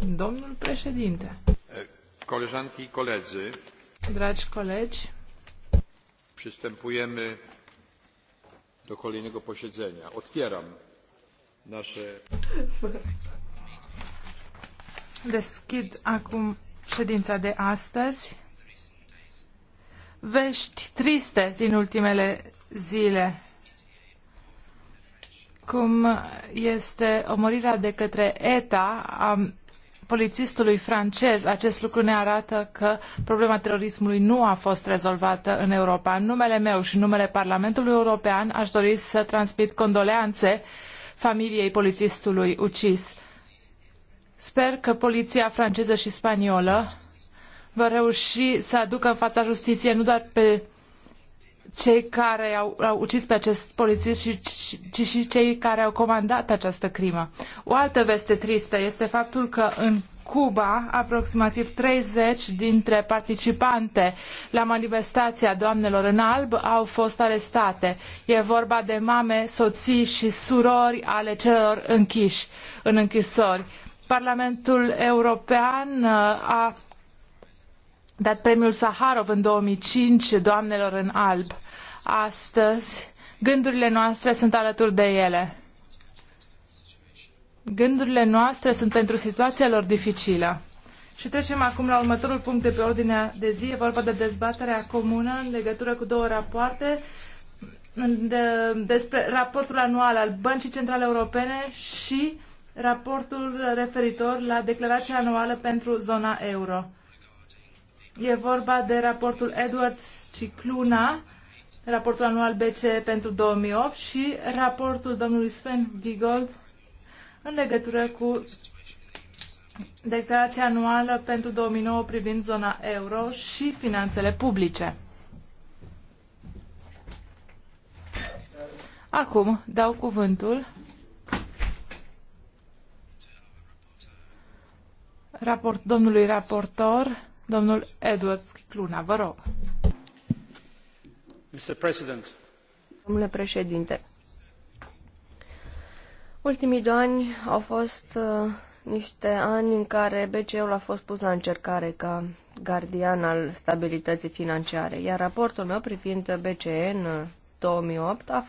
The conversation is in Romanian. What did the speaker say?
Domnul președinte. Koleżanki i koledzy. Dragi colegi. Przystępujemy do kolejnego posiedzenia. Otwieram nasze... Deschid acum ședința de astăzi. Vești triste din ultimele zile cum este omorirea de către ETA a polițistului francez, acest lucru ne arată că problema terorismului nu a fost rezolvată în Europa. În numele meu și în numele Parlamentului European aș dori să transmit condoleanțe familiei polițistului ucis. Sper că poliția franceză și spaniolă vor reuși să aducă în fața justiției nu doar pe cei care au, au ucis pe acest polițist și ci și cei care au comandat această crimă. O altă veste tristă este faptul că în Cuba, aproximativ 30 dintre participante la manifestația Doamnelor în Alb au fost arestate. E vorba de mame, soții și surori ale celor închiși în închisori. Parlamentul European uh, a dat premiul Saharov în 2005 Doamnelor în Alb. Astăzi, Gândurile noastre sunt alături de ele. Gândurile noastre sunt pentru situația lor dificilă. Și trecem acum la următorul punct de pe ordinea de zi. E vorba de dezbaterea comună în legătură cu două rapoarte de, despre raportul anual al Băncii Centrale Europene și raportul referitor la declarația anuală pentru zona euro. E vorba de raportul Edwards Cicluna raportul anual BCE pentru 2008 și raportul domnului Sven Giegold în legătură cu declarația anuală pentru 2009 privind zona euro și finanțele publice. Acum dau cuvântul raport, domnului raportor, domnul Edward Scicluna. Vă rog. Domnule președinte, ultimii doi ani au fost nite uh, niște ani în care BCE-ul a fost pus la încercare ca gardian al stabilității financiare, iar raportul meu privind BCE în uh, opt a fost